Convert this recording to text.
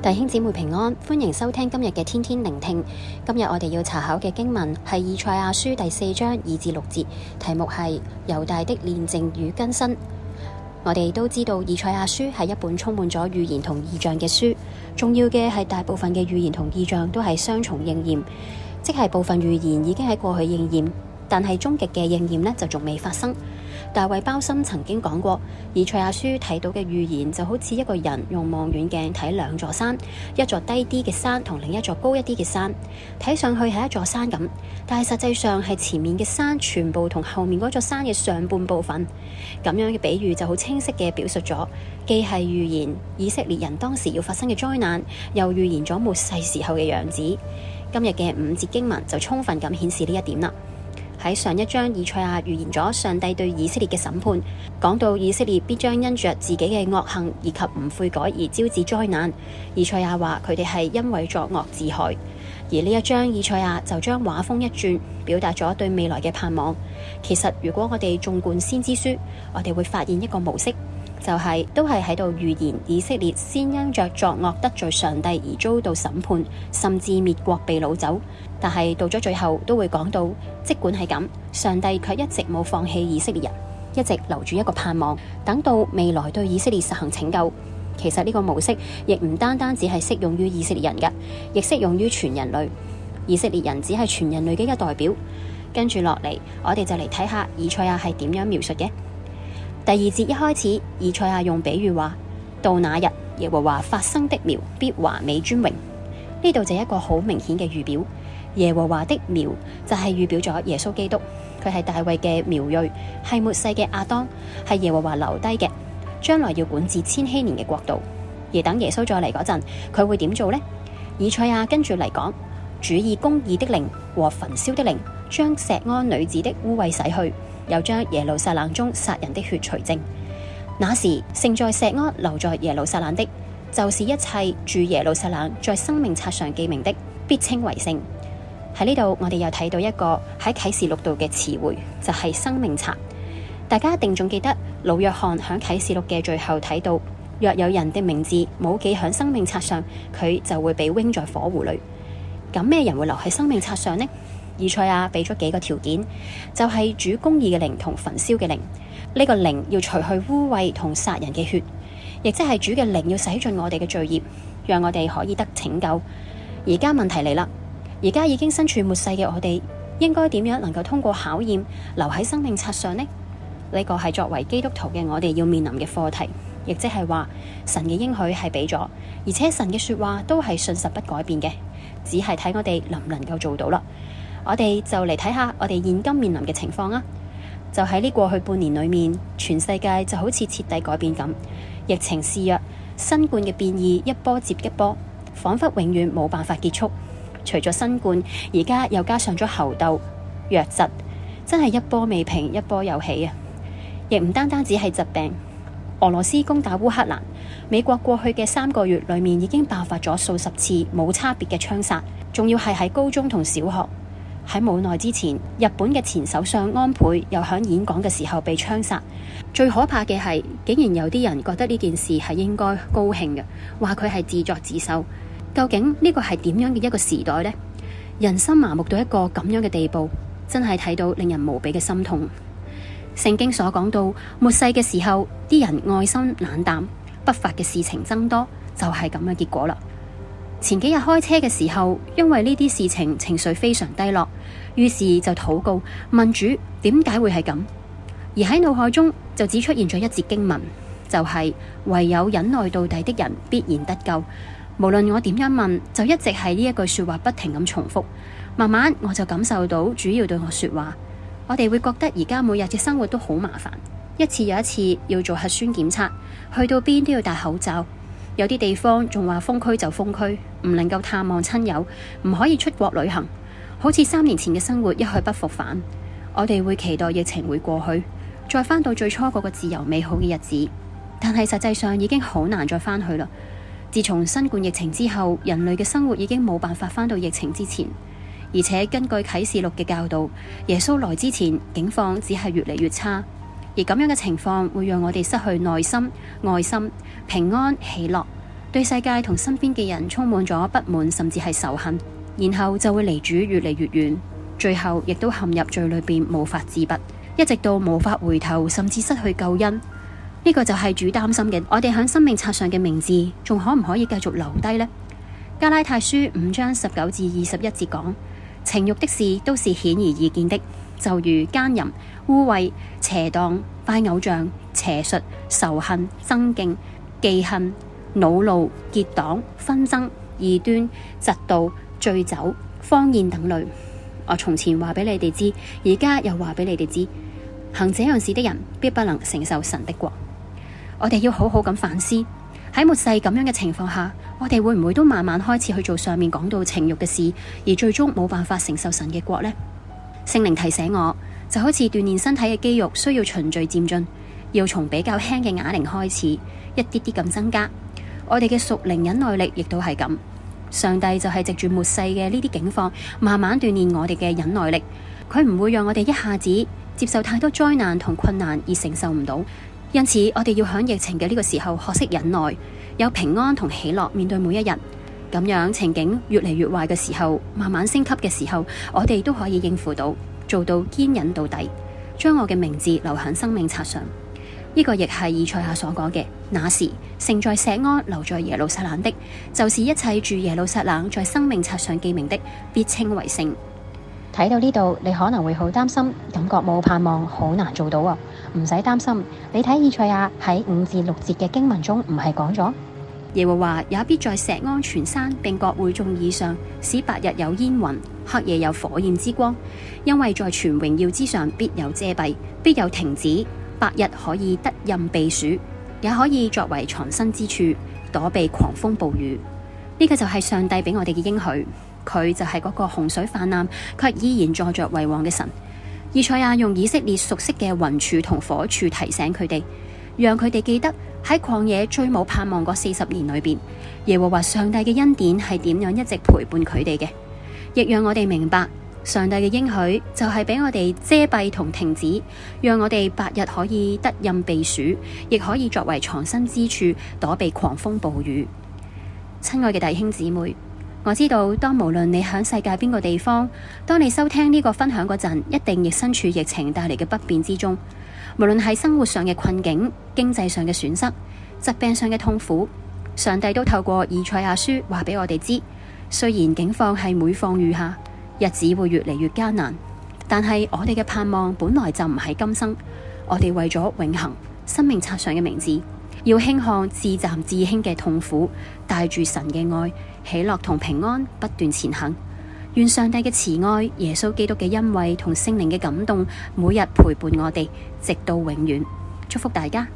弟兄姊妹平安，歡迎收聽今日嘅天天聆聽。今日我哋要查考嘅經文係以賽亞書第四章二至六節，題目係猶大的煉淨與更新。我哋都知道以賽亞書係一本充滿咗預言同異象嘅書，重要嘅係大部分嘅預言同異象都係雙重應驗，即係部分預言已經喺過去應驗，但係終極嘅應驗呢就仲未發生。大衛鮑森曾經講過，以賽亞書睇到嘅預言就好似一個人用望遠鏡睇兩座山，一座低啲嘅山同另一座高一啲嘅山，睇上去係一座山咁，但係實際上係前面嘅山全部同後面嗰座山嘅上半部分。咁樣嘅比喻就好清晰嘅表述咗，既係預言以色列人當時要發生嘅災難，又預言咗末世時候嘅樣子。今日嘅五節經文就充分咁顯示呢一點啦。喺上一章，以賽亞預言咗上帝對以色列嘅審判，講到以色列必將因着自己嘅惡行，以及唔悔改而招致災難。以賽亞話佢哋係因為作惡自害。而呢一章，以賽亞就將話風一轉，表達咗對未來嘅盼望。其實如果我哋綜觀先知書，我哋會發現一個模式。就係、是、都係喺度預言以色列先因着作惡得罪上帝而遭到審判，甚至滅國被擄走。但係到咗最後都會講到，儘管係咁，上帝卻一直冇放棄以色列人，一直留住一個盼望，等到未來對以色列實行拯救。其實呢個模式亦唔單單只係適用於以色列人嘅，亦適用於全人類。以色列人只係全人類嘅一代表。跟住落嚟，我哋就嚟睇下以賽亞係點樣描述嘅。第二節一開始，以賽亞用比喻話：到那日，耶和華發生的苗必華美尊榮。呢度就一個好明顯嘅預表，耶和華的苗就係預表咗耶穌基督，佢係大衛嘅苗裔，係末世嘅亞當，係耶和華留低嘅，將來要管治千禧年嘅國度。而等耶穌再嚟嗰陣，佢會點做呢？以賽亞跟住嚟講：主以公義的靈和焚燒的靈，將錫安女子的污穢洗去。又將耶路撒冷中殺人的血除淨。那時，剩在錫安留在耶路撒冷的，就是一切住耶路撒冷在生命冊上記名的，必稱為聖。喺呢度，我哋又睇到一個喺啟示錄度嘅詞彙，就係、是、生命冊。大家一定仲記得，老約翰喺啟示錄嘅最後睇到，若有人的名字冇記響生命冊上，佢就會被扔在火湖裏。咁咩人會留喺生命冊上呢？以賽亞，俾咗幾個條件，就係、是、主公義嘅靈同焚燒嘅靈呢、這個靈要除去污穢同殺人嘅血，亦即係主嘅靈要洗盡我哋嘅罪孽，讓我哋可以得拯救。而家問題嚟啦，而家已經身處末世嘅我哋，應該點樣能夠通過考驗，留喺生命冊上呢？呢、這個係作為基督徒嘅我哋要面臨嘅課題，亦即係話神嘅應許係俾咗，而且神嘅說話都係信實不改變嘅，只係睇我哋能唔能夠做到啦。我哋就嚟睇下我哋現今面臨嘅情況啊！就喺呢過去半年裏面，全世界就好似徹底改變咁。疫情肆虐，新冠嘅變異一波接一波，仿佛永遠冇辦法結束。除咗新冠，而家又加上咗猴痘、瘧疾，真係一波未平一波又起啊！亦唔單單只係疾病，俄羅斯攻打烏克蘭，美國過去嘅三個月裏面已經爆發咗數十次冇差別嘅槍殺，仲要係喺高中同小學。喺冇耐之前，日本嘅前首相安倍又響演講嘅時候被槍殺。最可怕嘅係，竟然有啲人覺得呢件事係應該高興嘅，話佢係自作自受。究竟呢個係點樣嘅一個時代呢？人心麻木到一個咁樣嘅地步，真係睇到令人無比嘅心痛。聖經所講到末世嘅時候，啲人愛心冷淡，不法嘅事情增多，就係咁嘅結果啦。前幾日開車嘅時候，因為呢啲事情情緒非常低落，於是就禱告問主點解會係咁，而喺腦海中就只出現咗一節經文，就係唯有忍耐到底的人必然得救。無論我點樣問，就一直係呢一句說話不停咁重複。慢慢我就感受到主要對我說話。我哋會覺得而家每日嘅生活都好麻煩，一次又一次要做核酸檢測，去到邊都要戴口罩。有啲地方仲話封區就封區，唔能夠探望親友，唔可以出國旅行，好似三年前嘅生活一去不復返。我哋會期待疫情會過去，再返到最初嗰個自由美好嘅日子，但係實際上已經好難再返去啦。自從新冠疫情之後，人類嘅生活已經冇辦法返到疫情之前，而且根據啟示錄嘅教導，耶穌來之前，境況只係越嚟越差。而咁樣嘅情況會讓我哋失去耐心、愛心、平安、喜樂，對世界同身邊嘅人充滿咗不滿，甚至係仇恨，然後就會離主越嚟越遠，最後亦都陷入罪裏邊無法自拔，一直到無法回頭，甚至失去救恩。呢、這個就係主擔心嘅，我哋喺生命冊上嘅名字仲可唔可以繼續留低呢？加拉太書五章十九至二十一節講，情欲的事都是顯而易見的，就如奸淫。污穢、邪蕩、拜偶像、邪術、仇恨、爭競、忌恨、惱怒、結黨、紛爭、異端、嫉妒、醉酒、荒宴等類。我從前話俾你哋知，而家又話俾你哋知，行這樣事的人必不能承受神的國。我哋要好好咁反思喺末世咁樣嘅情況下，我哋會唔會都慢慢開始去做上面講到情欲嘅事，而最終冇辦法承受神嘅國呢？聖靈提醒我。就好似鍛煉身體嘅肌肉，需要循序漸進，要從比較輕嘅啞鈴開始，一啲啲咁增加。我哋嘅屬靈忍耐力亦都係咁。上帝就係藉住末世嘅呢啲境況，慢慢鍛煉我哋嘅忍耐力。佢唔會讓我哋一下子接受太多災難同困難而承受唔到。因此，我哋要喺疫情嘅呢個時候學識忍耐，有平安同喜樂面對每一日。咁樣情景越嚟越壞嘅時候，慢慢升級嘅時候，我哋都可以應付到。做到堅忍到底，將我嘅名字留喺生命冊上。呢、這個亦係以賽亞所講嘅。那時，剩在錫安、留在耶路撒冷的，就是一切住耶路撒冷在生命冊上記名的，必稱為聖。睇到呢度，你可能會好擔心，感覺冇盼望，好難做到啊！唔使擔心，你睇以賽亞喺五至六節嘅經文中唔係講咗？耶和華也必在錫安全山，並各會眾以上，使白日有煙雲，黑夜有火焰之光，因為在全榮耀之上必有遮蔽，必有亭子。白日可以得蔭避暑，也可以作為藏身之處，躲避狂風暴雨。呢、這個就係上帝畀我哋嘅應許，佢就係嗰個洪水泛濫卻依然坐著為王嘅神。以賽亞用以色列熟悉嘅雲柱同火柱提醒佢哋，讓佢哋記得。喺曠野最冇盼望嗰四十年裏邊，耶和華上帝嘅恩典係點樣一直陪伴佢哋嘅？亦讓我哋明白上帝嘅應許就係俾我哋遮蔽同停止，讓我哋白日可以得蔭避暑，亦可以作為藏身之處躲避狂風暴雨。親愛嘅弟兄姊妹，我知道當無論你響世界邊個地方，當你收聽呢個分享嗰陣，一定亦身處疫情帶嚟嘅不便之中。無論係生活上嘅困境、經濟上嘅損失、疾病上嘅痛苦，上帝都透過以賽亞書話畀我哋知：雖然境況係每況愈下，日子會越嚟越艱難，但係我哋嘅盼望本來就唔係今生，我哋為咗永恒生命冊上嘅名字，要輕看自暫自輕嘅痛苦，帶住神嘅愛、喜樂同平安不斷前行。願上帝嘅慈愛、耶穌基督嘅恩惠同聖靈嘅感動，每日陪伴我哋，直到永遠。祝福大家。